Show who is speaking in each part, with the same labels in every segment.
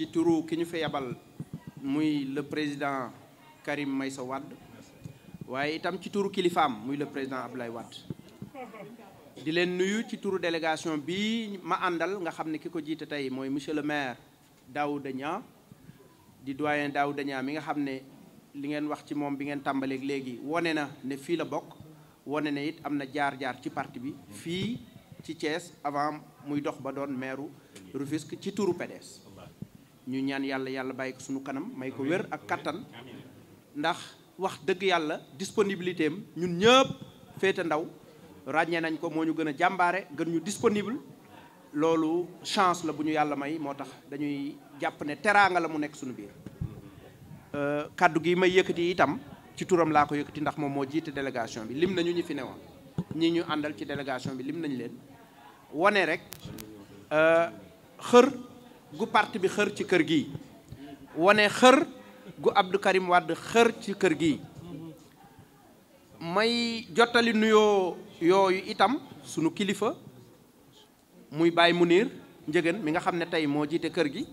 Speaker 1: ci turu ki ñu fa yabal muy le président Karim Meïssa Wade waaye itam ci turu kilifaam muy le président Abdoulaye Wade di leen nuyu ci turu délégation bi ma àndal nga xam ne ki ko jiita tey mooy monsieur le maire Daouda Niang di doyen Daouda Niang mi nga xam ne li ngeen wax ci moom bi ngeen tàmbaleeg léegi wane na ne fii la bokk wane na it am na jaar-jaar ci parti bi fii ci Thiès avant muy dox ba doon maire Rufisque ci turu PDS ñu ñaan yàlla yàlla bàyyi ko suñu kanam may ko wér ak kattan ndax wax dëgg yàlla disponibilité am ñun ñëpp féete ndaw ràññee nañ ko moo ñu gën a jàmbaare gën ñu disponible loolu chance la bu ñu yàlla may moo tax dañuy jàpp ne teraanga la mu nekk suñu biir euh, kàddu gi may yëkkati itam ci turam laa ko yëkkati ndax moom moo jiite délégation bi lim nañu ñi fi newoon ñi ñu àndal ci délégation bi lim nañ leen wone rek euh, xër gu parti bi xër ci kër gi wane xër gu Abdou Karim xër ci kër gi may jottali nuyoo yooyu itam sunu kilifa muy Baye Mounir Njëgën mi nga xam ne tey moo jiite kër gi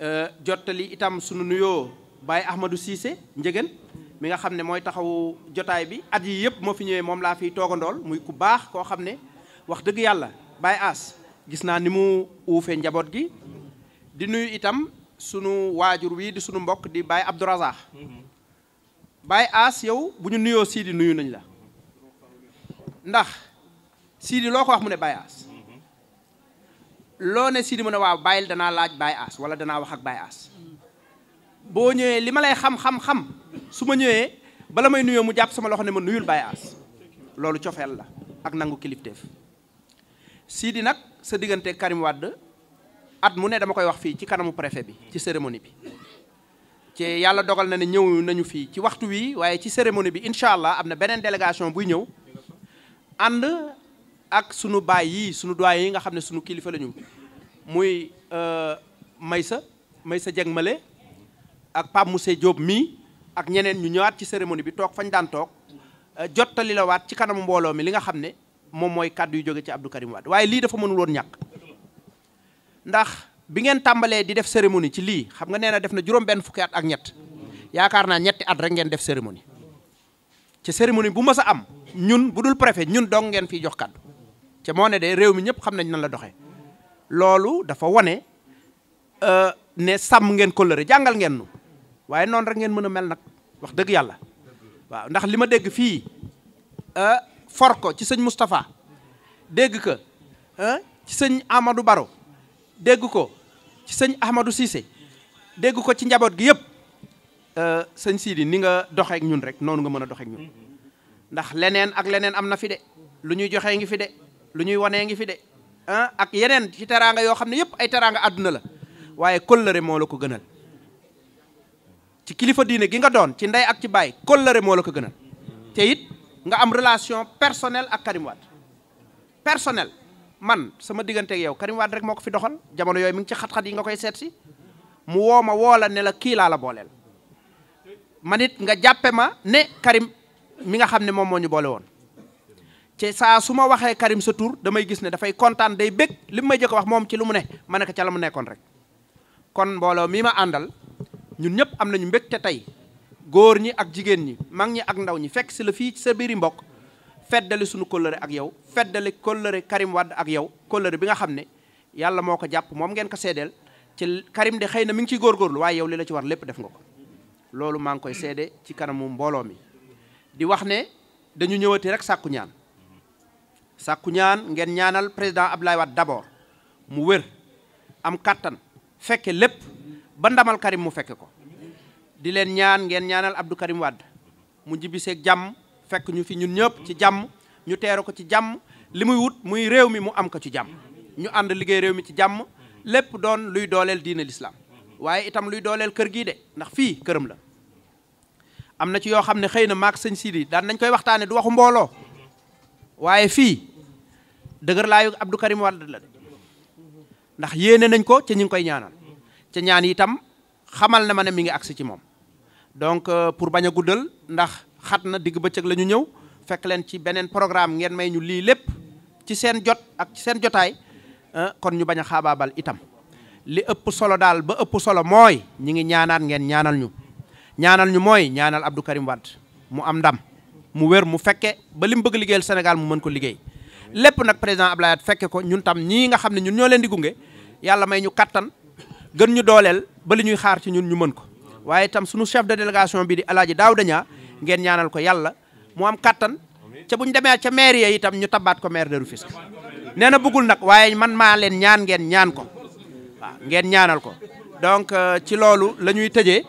Speaker 1: euh, jottali itam sunu nuyoo Baye Ahmadou Cissé Njëgën mi nga xam ne mooy taxawu jotaay bi at yi yëpp moo fi ñëwee moom laa fiy toogandool muy ku baax koo xam ne wax dëgg yàlla Baye As gis naa ni mu uufe njaboot gi di nuyu itam sunu waajur wii di sunu mbokk di bàyyi Abdourazaq Baye As yow bu ñu nuyoo siidi nuyu nañ la ndax siidi loo ko wax mu ne Baye As loo ne Sidi mu ne waaw bàyyil danaa laaj Baye As wala danaa wax ak Baye As boo ñëwee li ma lay xam-xam-xam su ma ñëwee bala may nuyoo mu jàpp sama loxo ne ma nuyul Baye As loolu cofeel la ak nangu kilifteef Sidi nag sa diggante Karim at mu ne dama koy wax fii ci kanamu préfet bi ci cérémonie bi ci yàlla dogal na ne ñëw nañu fii ci waxtu wii waaye ci cérémonie bi incha allah am na beneen délégation buy ñëw ànd ak sunu baay yi sunu doyen yi nga xam ne sunu kilifa lañu muy may euh, Maysa Maysa Dieng Male ak Pape Mousse Diop mii ak ñeneen ñu ñëwaat ci cérémonie bi toog fañ daan toog euh, jottali la ci kanamu mbooloo mi li nga xam ne. moom mooy kàddu yu jóge ci Abdou Karim Wade waaye lii dafa mënul woon ñàkk ndax bi ngeen tàmbalee di def cérémonie ci lii xam nga nee na def na juróom benn fukki at ak ñett yaakaar naa ñetti at rek ngeen def cérémonie ci cérémonie bu mës a am ñun bu dul préfet ñun dong ngeen fiy jox kàddu ci moo ne de réew mi ñëpp xam nañ na la doxe loolu dafa wane euh, ne sàmm ngeen kóllëre jàngal ngeen nu waaye noonu rek ngeen mën a mel nag wax dëgg yàlla waaw ndax li for ko ci sëñ Moustapha dégg ko ci sëñ Amadou Baro dégg ko ci sëñ Ahmadou Cissé dégg ko ci njaboot gi yëpp euh, sëñ Sidi ni nga doxeek ñun rek noonu nga mën a doxeek ñun ndax leneen ak leneen am na fi de lu ñuy joxee ngi fi de lu ñuy wanee ngi fi de ak yeneen ci teraanga yoo xam ne yëpp ay teraanga àdduna la waaye kóllëre moo la ko gënal ci kilifa diine gi nga doon ci ndey ak ci baay kóllëre moo la ko gënal te it nga am relation personnel ak Karim personnel man sama diggante yow Karim rek moo ko fi doxal jamono yooyu mi ngi ci xat-xat yi nga koy seet mu woo ma woo la ne la kii laa la booleel man it nga jàppe ma ne Karim mi nga xam ne moom moo ñu boole woon ci saa su ma waxee Karim sa tur damay gis ne dafay kontaan day bëgg li mu may jëkk wax moom ci lu mu ne ma ne ko ca la mu nekkoon rek kon mbooloo mii ma àndal ñun ñëpp am nañu mbégte tey góor ñi ak jigéen ñi mag ñi ak ndaw ñi fekk si la fii ci sa biiri mbokk feddali sunu kóllëre ak yow feddali kóllëre Karim Wade ak yow kóllëre bi nga xam ne yàlla moo ko jàpp moom ngeen ko seedeel ci Karim de xëy na mi ngi ciy góorgóorlu waaye yow li la ci war lépp ko loolu maa ngi koy seede ci kanamu mbooloo mi di wax ne dañu ñëwati rek sàkku ñaan sàkku ñaan ngeen ñaanal président Abdoulaye Wade d'abord mu wér am kàttan fekke lépp ba ndamal Karim mu fekke ko di leen ñaan ngeen ñaanal Abdou Karim Wade mu jibiseeg jàmm fekk ñu fi ñun ñëpp ci jàmm ñu teeru ko ci jàmm li muy wut muy réew mi mu am ko ci jàmm ñu ànd liggéey réew mi ci jàmm lépp doon luy dooleel diine l'islam waaye itam luy dooleel kër gii de ndax fii këram la am na ci yoo xam ne xëy na maak sëñ Sidi daan nañ koy waxtaane du waxu mbooloo waaye fii dëgër laayu Abdou Karim Wade la ndax yéene nañ ko ca ñu ngi koy ñaanal ca ñaan itam xamal na ma ne mi ngi agsi ci moom donc euh, pour bañ a guddal ndax xat na digg bëccëg la ñu ñëw fekk leen ci beneen programme ngeen may ñu lii lépp ci seen jot ak ci seen jotaay euh, kon ñu bañ a xaabaabal itam li ëpp solo daal ba ëpp solo mooy ñi ngi ñaanaat ngeen ñaanal ñu ñaanal ñu mooy ñaanal Abdou Karim Wade mu am ndam mu wér mu fekke ba li mu bëgg liggéeyal Sénégal mu mën ko liggéey lépp nag président Abdoulaye fekke ko ñun tam ñii nga xam ne ñun ñoo leen di gunge yàlla may ñu kattan gën ñu dooleel ba li ñuy xaar ci ñun ñu mën ko waaye itam sunu chef de délégation bi di alaaji Daouda Niang ngeen ñaanal ko yàlla mu am kattan ca ñu demee ca maire ya itam ñu tabaat ko maire de Rufisque nee na bëggul nag waaye man maa leen ñaan ngeen ñaan ko ngeen ñaanal ko donc euh, ci loolu lañuy tëje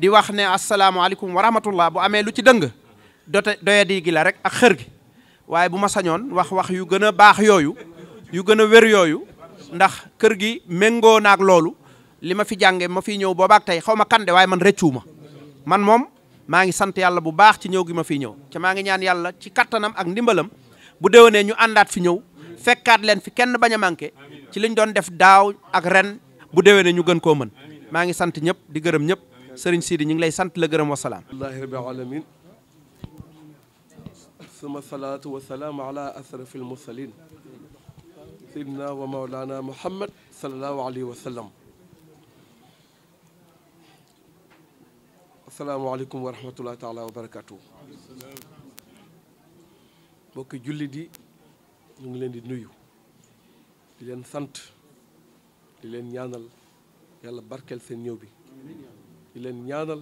Speaker 1: di wax ne asalaamaaleykum wa rahmatullah bu amee lu ci dëng dote doyadi gila rek ak xër gi waaye bu ma sañoon wax wax yu gën a baax yooyu yu gën a wér yooyu ndax kër gi méngoo naag loolu li ma fi jànge ma fiy ñëw boobaak tey xaw ma kan waaye man rëccuuma man moom maa ngi sant yàlla bu baax ci ñëw gi ma fiy ñëw ca maa ngi ñaan yàlla ci kattanam ak ndimbalam bu déwénee ñu àndaat fi ñëw fekkaat leen fi kenn bañ a manqué ci liñ doon def daaw ak ren bu déwénee ñu gën koo mën maa ngi sant ñëpp di gërëm ñëpp sëriñ Sidi ñu ngi lay sant la gërëm wasalaam
Speaker 2: allahi rabbil alamin suma salaatu wasalaam ala asrafil mursalin sayyidina wa mawlana muhammad sallallahu alayhi wa sallam asalaamaaleykum wa rahmatullahi taala wa barakaatu. mbokki jullit yi ñu ngi leen di nuyu di leen sant di leen ñaanal yàlla barkeel seen ñëw bi di leen ñaanal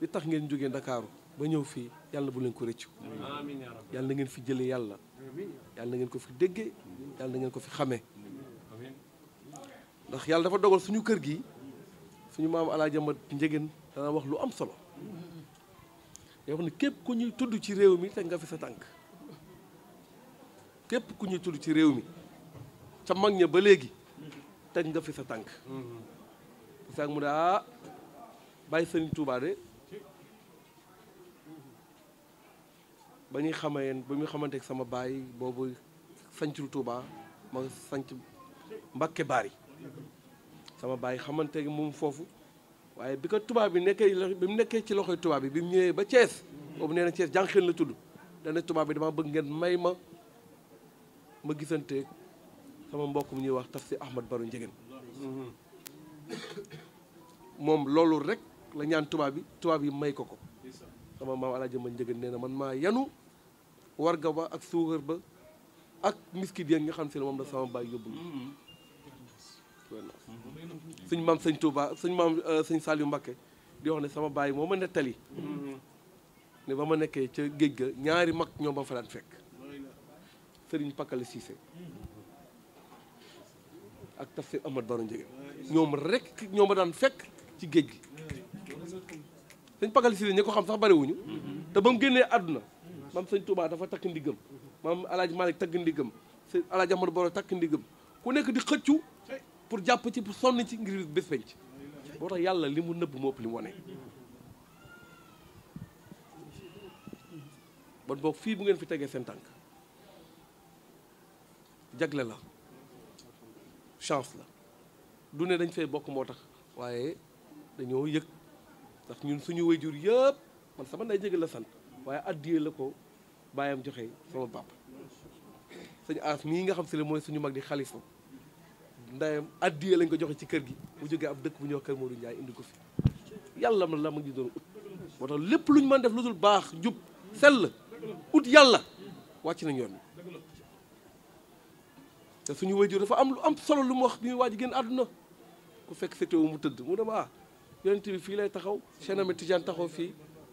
Speaker 2: li tax ngeen jógee ndakaaru ba ñëw fii yàlla bu leen ko rëccu yàlla na ngeen fi jëlee yàlla yàlla na ngeen ko fi déggee yàlla na ngeen ko fi xamee ndax yàlla dafa dogal suñu kër gi suñu maam alaajamat njegéen dana wax lu am solo day wax ne képp ku ñuy tudd ci réew mi te nga fi sa tànk képp ku ñuy tudd ci réew mi ca mag ña ba léegi teg nga fi sa tànk isaak mu daa ah, bàyyi sëriñ Tuubaa de ba ñuy xamayeen ba muy xamanteek sama baay boobu sañcul Tuubaa ma sañc Mbàkke Baari sama baay xamanteek moom foofu waaye bi ko tubaab bi nekkee bi mu nekkee ci loxoy tubaab bi bi mu ñëwee ba Thiès boobu nee na Thiès jànqeen la tudd dana tubaab bi dama bëgg ngeen may ma ma gisante sama mbokk mu ñuy wax si Ahmad Baro Ndiéguène moom loolu rek la ñaan tubaab bi tubaab yi may ko ko sama maam Alaaji Ma Ndiéguène nee na man maa yanu warga ba ak suukar ba ak miskit ya nga xam si moom la sama baay yóbbu mm-hmm. suñ maam sëñ Touba suñ maam euh, sëñ Saliou Mbacké di wax ne sama baay moo ma nettali mm-hmm. ne ba ma nekkee ca géej ga ñaari mag ñoom ba fa daan fekk sëriñ Pakala Cissé ak tafsir Amad Baro Njege ñoom rek ñoom ba daan fekk ci géej gi sëñ Pakala Cissé ko xam sax bariwuñu mm-hmm. te ba mu génnee àdduna maam sëñ Touba dafa takk ndigam maam El Hadj Malick takk ndigam sëñ El Hadj Amad takk ndigam ku nekk di xëccu pour jàpp ci pour sonn ci ngir bés penc boo tax yàlla li mu nëbb moo ëpp li mu wane bon boog fii bu ngeen fi tegee seen tànk jagle la chance la du dañ fay bokk moo tax waaye dañoo yëg ndax ñun suñu wayjur yëpp man sama nday jege la sant waaye addiyee la ko bàyyam joxe sama bàpp sëñ aas mii nga xam si ne mooy suñu mag di xalifa ndayam addiye lañ ko joxe ci kër gi mu jógee ab dëkk bu ñuy wax kër Modou Ndiaye indi ko fi yàlla la ma ngi doon ut moo tax lépp luñ man def lu dul baax njub sell ut yàlla wàcc nañ yoon bi te suñu wajur dafa am lu am solo lu mu wax bi muy waaj génn àdduna ku fekk fetewu mu tëdd mu dem ah yonent fii lay taxaw Cheikh Ahmed Tidiane taxaw fii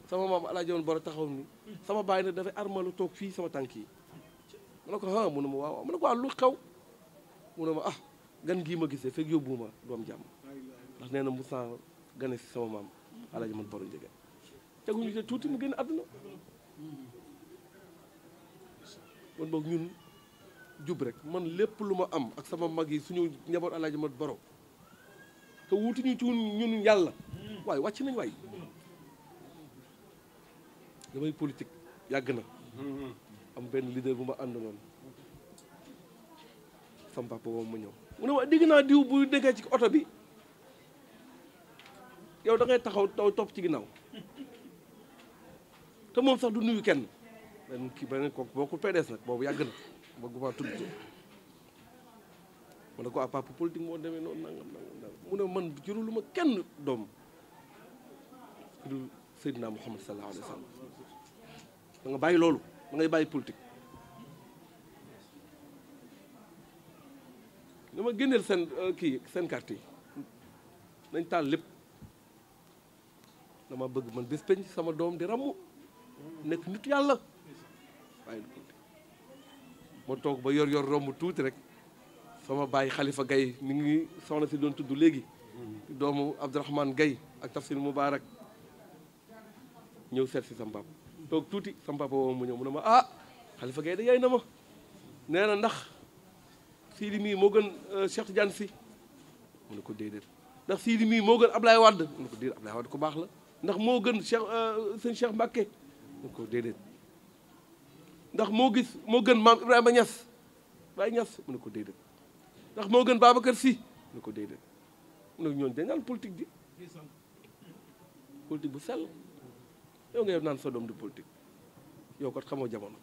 Speaker 2: sama maam El Hadj Omar Bora taxaw ni sama bàyyi nag dafay armalu toog fii sama tànk yi ma ne ko ah mu ne ma waaw mu ko ah lu gan gii ma gisee fekk yóbbuwuma doom jàmm ndax nee na Moussa gane si sama maam Alaaji man Baro Njëgeen ci tuuti mu génn àdduna kon boog ñun jub rek man lépp lu ma am ak sama mag yi suñu njaboot Alaaji man Baro te wutuñu ci ñun yàlla waaye wàcc nañ waay damay politik yàgg na am benn leader bu ma ànd noonu sama papa moom ñëw mu ne waa dégg naa diw buy déggee ci oto bi yow da taxaw taw topp ci ginnaaw te moom sax du nuyu kenn benn kii beneen kooku bokkul PDS nag boobu yàgg na bëggu faa tudd ma ne ko ah papa politique moo demee noonu nangam nangam mu ne man ma kenn doom ku dul Seydina Muhammad sallallahu alayhi wa sallam da nga bàyyi loolu da ngay bàyyi politique dama génneel seen euh, kii seen carte yi nañ taal lépp dama bëgg man bés penc sama doom di ramu nekk nit yàlla waaye ma toog ba yor yor romb tuuti rek sama bàyyi xalifa gay mi ngi soxna si doon tudd léegi doomu abdourahman gay ak tafsir mubarak ñëw seet si sama toog tuuti sama papa mu ñëw mu ne ma ah xalifa gay da yaay na ma nee ndax Sidi mii moo gën euh, Cheikh Tidiane si mu ko déedéet ndax Sidi mii moo gën Ablaye Wade mu ne ko déedéet Ablaye Wade ku baax la ndax moo gën Cheikh euh, sëñ Cheikh Mbacké mu ne ko déedéet ndax moo gis moo gën maam Ibrahima Niass Baye Niass mu ne ko déedéet ndax moo gën Babacar Sy mu ne ko déedéet mu ne ñooñu dañ naan di politique bu sel yow nga yow naan sa doom du politique yow kat xamoo jamono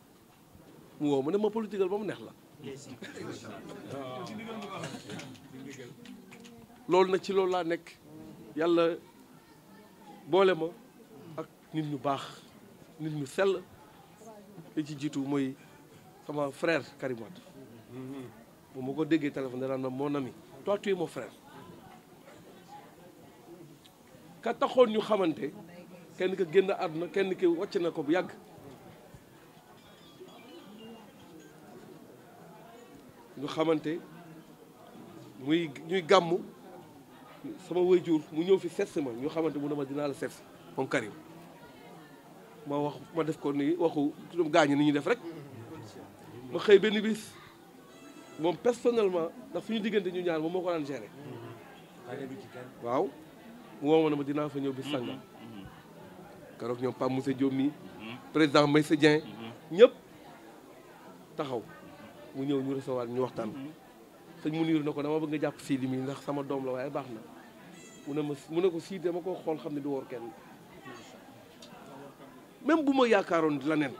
Speaker 2: mu woo mu ne ma politiqueal ba mu neex la loolu nag ci loolu laa nekk yàlla boole ma ak nit ñu baax nit ñu sell li ci jiitu mooy sama frère Karim Wade ma ko déggee téléphone danaan ma mon ami toi tu ka taxoon ñu xamante kenn ka gën àdduna kenn ki wàcc na ko bu yàgg ñu xamante muy ñuy gàmm sama waajur mu ñëw fi seet ma ñu xamante mu ne ma dinaa la seet moom Karim ma wax ma def ko ni waxu gaañu ni ñu def rek ma xëy benn bis moom personnellement ndax fu ñu diggante ñu ñaar moom moo ko daan géré waaw mu woo ma ne ma dinaa fa ñëw bis sangam keroog ñoom Pape Moussa Diop président Maysa Dieng ñëpp taxaw mu ñëw ñu recevoir ñu waxtaan mu Mounirou na ko dama bëgg nga jàpp Sidi mi ndax sama doom la waaye baax na mu ne ma mu ne ko Sidi dama ko xool xam ne du wor kenn même bu ma yaakaaroon la nen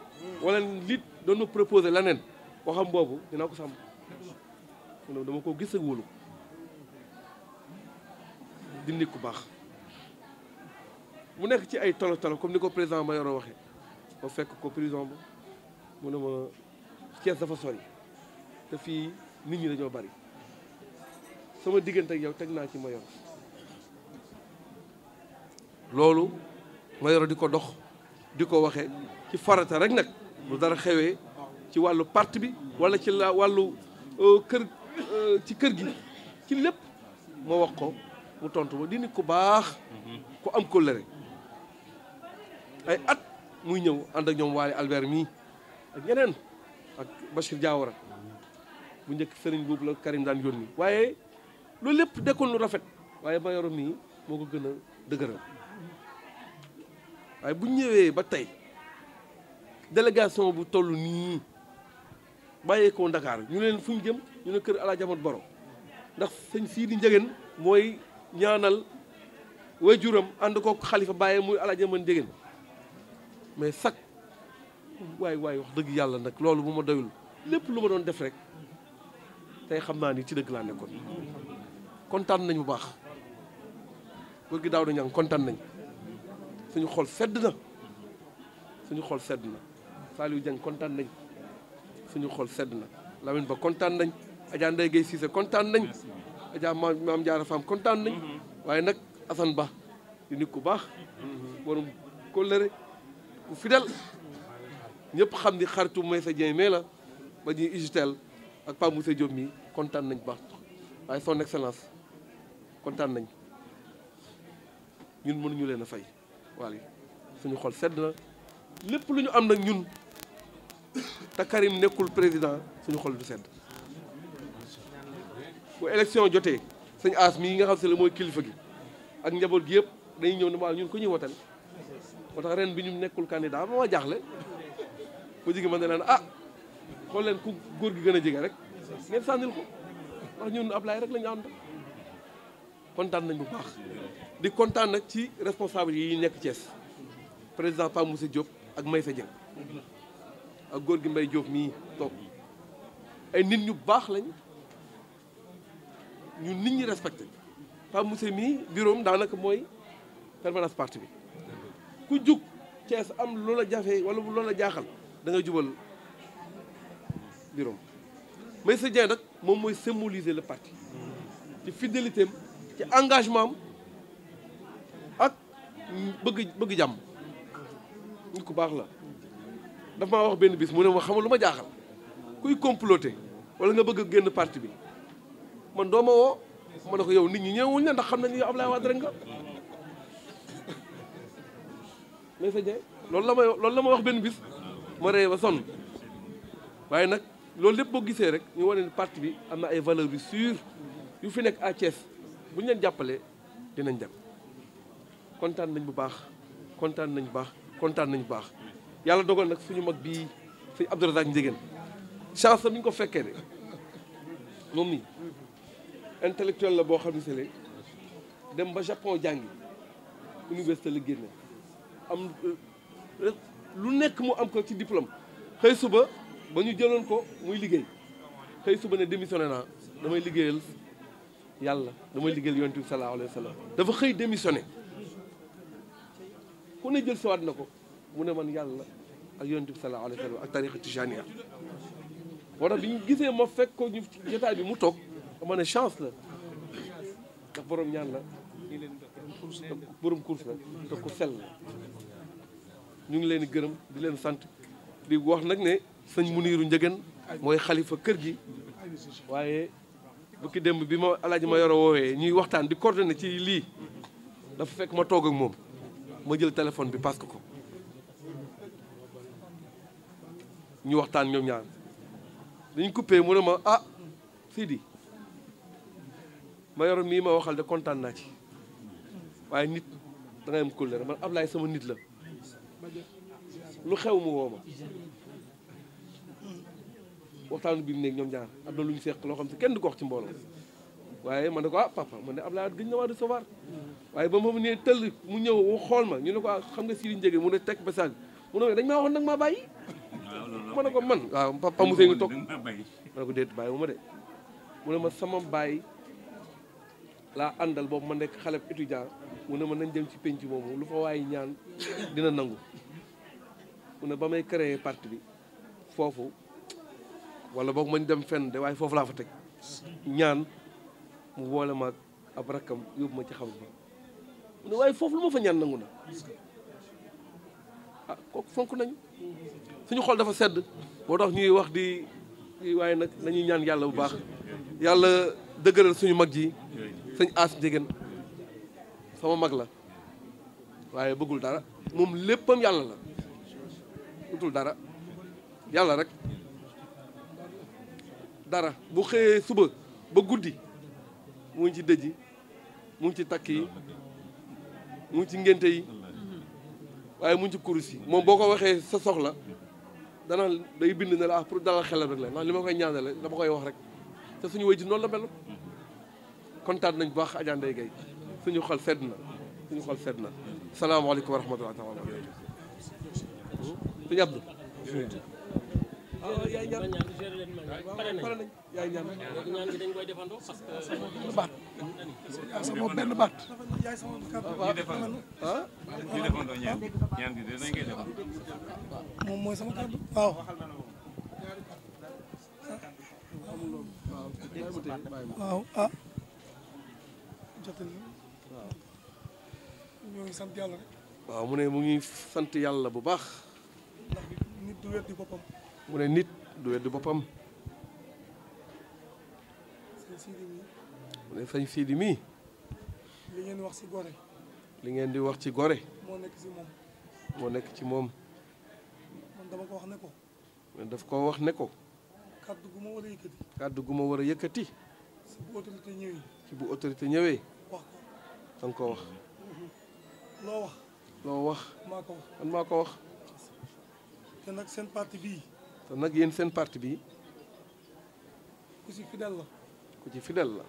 Speaker 2: wala lit doon ma proposé la nen waxam boobu dinaa ko sàmm mu ne dama ko gis ak wóolu di nit ku baax mu nekk ci ay tolo tolo comme ni ko président Mayoro waxee ma fekk ko prison ba mu ne ma Thiès dafa sori te fii nit ñi dañoo bari sama diggante ak yow teg naa ci Mayoro loolu Mayoro di ko dox di ko waxe ci farata rek nag lu dara xewee ci wàllu parti bi wala ci la wàllu euh, kër euh, ci kër gi ci lépp ma wax ko mu tontu ba di nit ku baax ku am kóllëre ay at muy ñëw ànd ak ñoom waale Albert mii ak ñeneen ak Bachir Diawara bu njëkk sëriñ boobu la Karim daan yónni waaye loolu lépp dekkoon lu rafet waaye Mayoro mii moo ko gën a dëgëral waaye bu ñëwee ba tey délégation bu toll nii bàyyeekoo Ndakaar ñu leen fu ñu jëm ñu ne kër Alaaji Amat Baro ndax sëñ Sidi Njëgeen mooy ñaanal waajuram ànd ko xalifa bàyyee muy Alaaji Amat mais sax waaye waaye wax dëgg yàlla nag loolu bu ma doyul lépp lu ma doon def rek tey xam naa ni ci dëgg laa nekkoon kontaan nañ bu baax góor gi daaw da ñang kontaan nañ suñu xol sedd na suñu xol sedd na Saliou Dieng kontaan nañ suñu xol sedd na Lamine Ba kontaan nañ Adja Ndeye Gueye Cissé kontaan nañ Adja Maam Diarra Fam kontaan nañ mm-hmm. waaye nag Assane Ba di nit ku baax mm-hmm. borom kóllëre ku fidèle ñëpp xam ni xaritu Maysa Dieng mais la ba ñuy ugitel ak Pape Moussa Diop mi kontaan nañ baax waaye son excellence kontaan nañ ñun mënuñu leen a fay waal suñu xol sedd na lépp lu ñu am nag ñun te Karim nekkul président suñu xol du sedd bu élection jotee sëñ As mii nga xam si la mooy kilifa gi ak njaboot gi yëpp dañuy ñëw ne waaw ñun ko ñuy wotal moo tax ren bi ñu nekkul candidat ba ma jaaxle mu jigi ma ne leen ah xool leen ku góor gi gën a jege rek ngeen sànnil ko wax ñun Ablaye rek la ñu ànd kontaan nañ bu baax di kontaan nag ci responsable yi nekk cees président Pape Moussa Diop ak Maysa Dieng ak góor gi mbay jóob mii toog ay nit ñu baax lañ ñu nit ñi respecté Pape Moussa mii bureau daanaka mooy permanence parti bi ku jug Thiès am loola jafe loolu la jaaxal dangay nga jubal bureau Meissa Dieng nag moom mooy symboliser le parti ci fidélité am ci engagement ak bëgg bëgg jàmm ñu ko baax la dafa maa wax benn bis mu ne ma lu ma jaaxal kuy comploter wala nga bëgg génn parti bi man doo ma woo ma ne ko yow nit ñi ñëwuñ la ndax xam nañu yow Abdoulaye Wade rek nga Meissa Dieng loolu la may la ma wax benn bis ma ree ba sonn waaye nag loolu lépp boo gisee rek ñu wane ne parti bi am na ay valeurs yu sûres yu fi nekk à Thiès bu ñu leen jàppalee dinañ dem kontaan nañ bu baax kontaan nañ bu baax kontaan nañ bu baax yàlla dogal nag suñu mag bii sëñ Abdourazac Ndiéguène chance la ñu ko fekkee de moom nii intellectuel la boo xam ne si dem ba Japon jàngi université li génne am euh, lu nekk mu am ko ci diplôme xëy suba ba ñu jëloon ko muy liggéey xëy suba ne démissionné naa damay liggéeyal yàlla damay liggéeyal yonent bi sallallahu alayhi wa sallam dafa xëy démissionné ku ne jël siwaat na ko mu ne man yàlla ak yonent bi sallallahu alayhi wa sallam ak tariqa tijaniya ñu gisee ma fekk ko ñu jotaay bi mu toog dama ne chance la ndax borom ñaan la borom course la te ku ngi leen di gërëm di sant di wax nag ne sëñ Muniiru Njëgën mooy xalifa kër gi waaye bukki démb bi ma alaaji ma yoro woowee ñuy waxtaan di coordonné ci lii dafa fekk ma toog ak moom ma jël téléphone bi parce que ko ñu waxtaan ñoom ñaar dañ coupé mu ne ma ah Sidi ma yoro mii ma waxal de kontaan naa ci waaye nit da am kóllëre man Ablaye sama nit la
Speaker 3: lu xew mu woo
Speaker 2: waxtaanu biir néeg ñoom jaan am na lu ñu seq loo xam si kenn du ko wax ci mbooloo waaye man ne ko ah papa man ne Abdoulaye gëj na waa recevoir waaye ba mu ne tëll mu ñëw xool ma ñu ne ko ah, xam nga Sidi Ndiégué mu ne teg message mu ne dañ maa waxoon nag maa bàyyi ma ne ko man waaw papa Moussa ngi toog ma ne ko déet bàyyi wu ma de mu ne ma sama baay laa àndal boobu ma nekk xale bu étudiant mu ne ma nañ dem ci penc moomu lu fa waaye ñaan dina nangu mu ne ba may créer parti bi foofu wala boog mañ dem fenn de waaye foofu laa fa teg ñaan mu boole maag ab rakkam yóbbu ma ci xam ba mu ne waaye foofu lu ma fa ñaan nangu na ah kooku fonk nañ suñu xool dafa sedd moo tax ñuy wax di waaye nag lañuy ñaan yàlla bu baax yàlla dëgëral suñu mag ji sëñ as njegéen sama mag la waaye bëggul dara moom léppam yàlla la utul dara yàlla rek dara bu xëyee suba ba guddi mu ngi ci dëj yi mu ngi ci takk yi mu ngi ci ngénte yi waaye mu ngi ci kurus yi moom boo ko waxee sa soxla dana day bind ne la ah, pour dalal xelam rek li ma koy ñaanale dama koy wax rek te suñu wéy ji noonu la mel kontaan nañ bu baax Adja Ndeye Gueye suñu xol sedd na suñu xol sedd na salaamaaleykum
Speaker 3: yaay ñaan yaay ñaan gi dañ koy defandoo parce que
Speaker 2: moom mooy sama kàddu waaw waaw
Speaker 4: ah jotal
Speaker 2: ngi sant yàlla waaw mu ne mu ngi sant yàlla bu baax ndax nit du mu ne nit du weddi boppam mu ne fii siidi mii li ngeen wax ci gore li ngeen di wax ci gore moo nekk ci moom moo nekk ci moom man dama wax ne ko man daf ko wax ne ko kàddu gu ma war a yëkkati kàddu gu ma war a yëkkati ci bu autorité ñëwee ci ko danga ko wax loo wax loo wax maa ko man maa ko wax te nag seen parti bii te nag yéen seen parti bi ku ci fidèle la. ku ci fidèle la.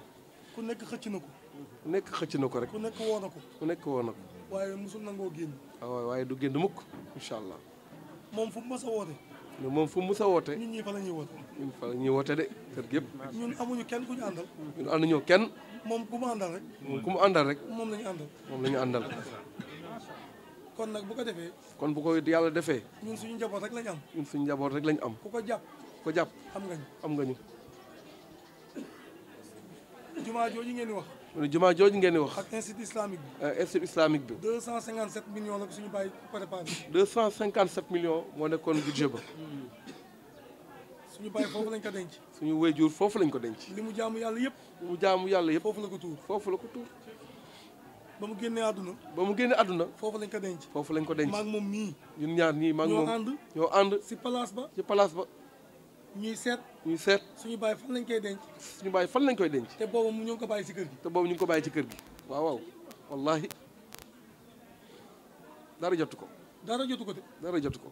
Speaker 2: ku nekk xëcc na ko. ku nekk xëcc na ko rek. ku nekk woo na ko. ku nekk woo na ko. waaye musul nangoo génn. Ah, waaw waaye du génn mukk incha allah. moom fu mu mës a woote. moom fu mu mës a woote. ñun ñii fa ñuy woote. ñun fa la de kër gi ñun amuñu kenn ku ñu àndal. ñun ànduñoo kenn. moom ku mu àndal rek. moom ku mu àndal rek. moom lañu ñu àndal. kon nag bu ko defee. kon bu ko yàlla defee. ñun suñu njaboot rek lañ am. ñun suñu njaboot rek lañu am. ku ko jàpp. ko jàpp am nga ñu. am nga ñu. jumaa jooju ngeen ni wax. mu ne jumaa jooju ngeen di wax. ak institut islamique bi. Euh, institut islamique bi. 257 millions la ko suñu bàyyi préparé. 257 millions moo nekkoon budget ba. suñu bàyyi foofu lañ ko denc. suñu wéyjuur foofu lañ ko denc. li mu jaamu yàlla yëpp. li mu yëpp. foofu la ko tuur foofu la ko tuur. ba mu génnee àdduna ba mu génnee àdduna foofu lañ ko denc foofu lañ ko denc maag moom mii ñun ñaar ñii maag moom ñoo ànd ñoo ànd si place ba si place ba ñuy seet ñuy seet suñu bàyyi fan lañ koy denc suñu bàyyi fan lañ koy denc te boobu mu ñu ngi ko bàyyi si kër gi te boobu ñu ngi ko bàyyi ci kër gi waaw waaw wallahi dara jot ko dara jotu ko de dara jotu ko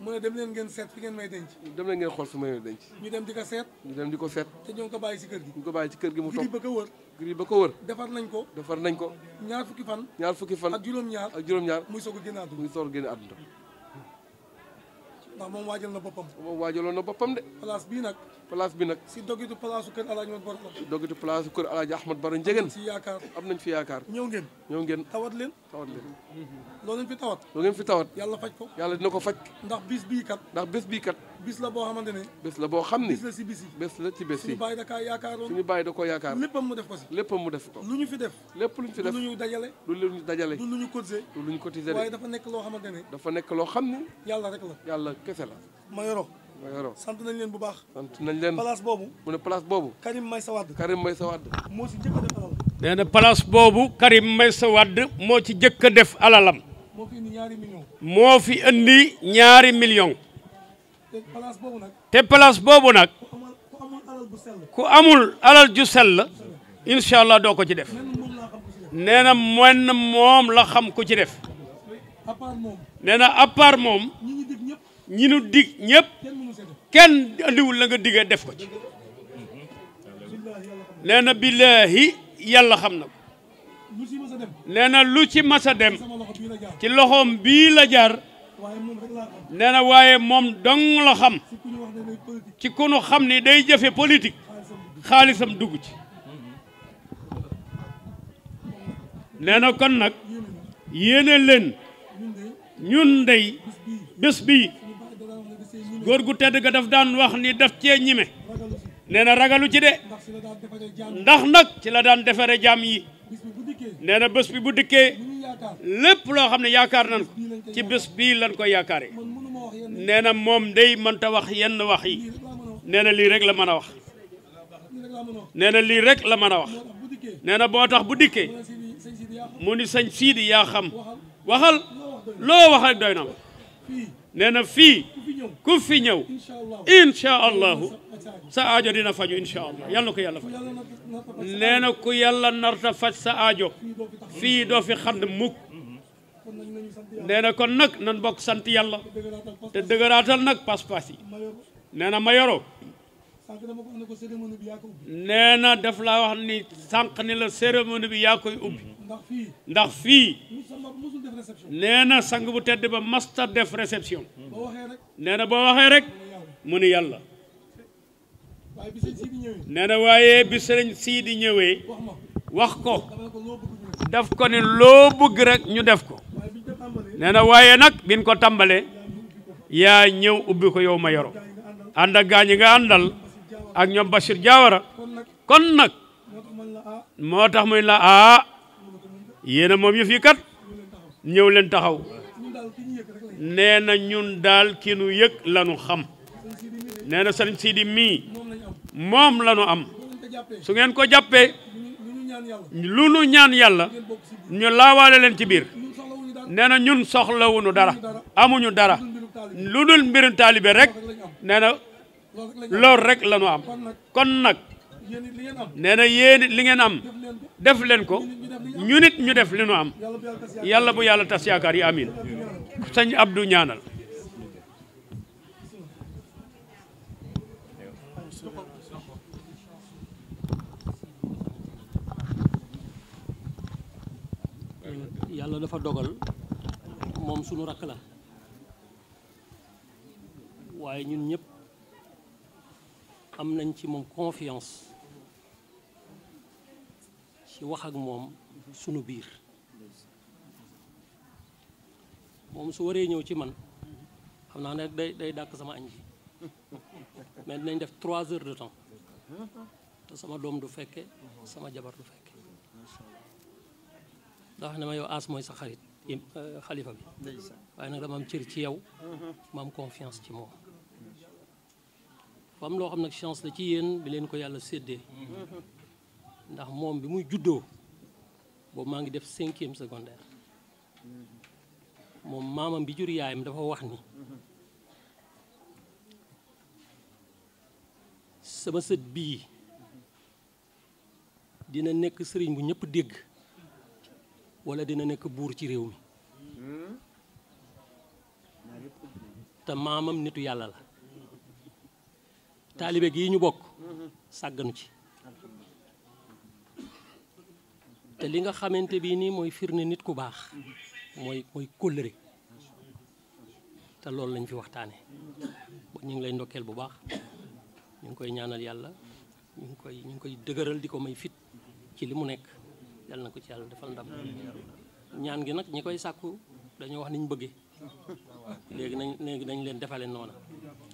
Speaker 2: mu ne dem leen ngeen seet fi ngeen may denc dem leen ngeen xool fi may denc ñu dem di ko seet ñu dem di ko seet te ñoo ngi ko si kër gi ñu ko bàyyi si kër ba ko wër gri ba ko wër defar nañ ko defar nañ ko ñaar fukki fan ñaar fukki fan ak juróom-ñaar ak juróom-ñaar muy soog a génn génn àdduna ndax moom waajal na boppam moom waajaloon na boppam de place bi nag place bi nag si dogitu place kër El Hadj Ahmed Baro si dogitu place kër El Hadj Baro Njegen si yaakaar am nañ fi yaakaar ñëw ngeen ñëw ngeen tawat leen tawat leen loo leen fi tawat loo ngeen fi tawat yàlla faj ko yàlla dina ko faj ndax bis bi kat ndax bis bi kat bis la boo xamante ne bis la boo xam ni bis la si bis yi bis la ci bis yi suñu bàyyi da kaa yaakaaroon suñu bàyyi da koo yaakaar léppam mu def ko si léppam mu def ko lu ñu fi def lépp lu ñu fi def du lu ñu dajale du lu ñu dajale du lu ñu cotisé du lu ñu cotisé waaye dafa nekk loo ne dafa nekk loo xam ni yàlla rek la yàlla kese la Mayoro Mayoro sant nañ leen bu baax sant nañ leen place boobu mu ne place boobu Karim Meïssa Wade Karim Meïssa Wade moo si jëkk a def alalam
Speaker 4: nee na place boobu Karim Meïssa Wade moo ci jëkk a def alalam moo fi ñaari millions moo fi indi ñaari millions te place boobu nag ku amul alal ju sell incha allah doo ko ci def nee na mën moom la xam ku ci def nee na à moom ñi nu dig ñëpp kenn andiwul la nga digee def ko ci nee na billaahi yàlla xam na ko nee na lu ci mas dem ci loxoom bii la jaar nee na waaye moom dong la xam ci ku nu xam ni day jëfe politique xaalisam dugg ci nee na kon nag yéene leen ñun ndey bés bii góor gu tedd ga daf daan wax ni daf cee ñime nee na ragalu ci de ndax nag ci la daan defare jaam yi nee na bés bi bu dikkee lépp loo xam ne yaakaar nan ko ci bés bii lan koy yaakaare nee na moom day mënta wax yenn wax yi nee na lii rek la mën a wax nee na lii rek la mën a wax nee na boo tax bu dikkee mu ni sëñ Siidi yaa xam waxal loo wax rek doy na ma nee na fii ku fi ñëw incha allahu sa aajo dina faju incha allah yàlla na ko yàlla faj nee na ku yàlla narta faj sa aajo fii doo fi xand mukk nee na kon nag nan bokk sant yàlla te dëgëraatal nag pas yi nee na ma nee na daf laa wax ni sànq ni la cérémonie bi yaa koy ubbi.
Speaker 2: Mm-hmm.
Speaker 4: ndax fii. nee na sang bu tedd ba masta def réception. Mm-hmm. nee na boo waxee rek mu yàlla. nee na waaye bi sëriñ sii di ñëwee. wax ko daf ko ni loo bëgg rek ñu def ko. nee na waaye nag biñ ko tàmbalee. yaa ñëw ubbi ko yow ma yoro ànd ak gaañi nga àndal. ak ñoom Bachir Diawara kon nag moo tax muy la aa yéen moom yëf yi kat ñëw leen taxaw nee na ñun daal ki nu yëg lanu xam nee na sëriñ Sidi mii moom lanu am su ngeen ko jàppee lu nu ñaan yàlla ñu laawaale leen ci biir nee na ñun soxlawuñu dara amuñu dara lu dul mbirum taalibe rek nee lool rek la ñu am kon nag nee na yéen li ngeen am def leen ko ñu nit ñu def li ñu am yàlla bu yàlla tas yaakaar yi amin sëñ Abdou ñaanal
Speaker 3: yàlla dafa dogal moom sunu rakk la waaye ñun ñépp am nañ ci moom confiance ci wax ak moom sunu biir moom su waree ñëw ci man xam naa ne day day dàkk sama añ ji mais dinañ def trois heures de temps te sama doom du fekke sama jabar du fekke ndax ne ma yow aas mooy sa xarit euh, xalifa bi waaye nag dama cër ci yow ma am confiance ci moom fa loo xam nag chance la ci yéen bi leen ko yàlla séddee ndax moom bi muy juddoo boobu maa ngi def cinquième secondaire moom maamam bi jur yaayam dafa wax ni sama sët bii dina nekk sëriñ bu ñépp dégg walla dina nekk buur ci réew mi hmm? te maamam nitu yàlla la taalibe gi ñu bokk sàgganu ci te li nga xamante bii nii mooy firnde nit ku baax mooy mooy kóllëre te loolu lañ fi waxtaane ñu ngi lay ndokkeel bu baax ñu ngi koy ñaanal yàlla ñu ngi koy ñu koy dëgëral di ko may fit ci li mu nekk yàlla na ko ci yàlla defal ndam ñaan gi nag ñi koy sàkku dañoo wax ni ñu bëggee léegi nañ léegi nañ leen defale noona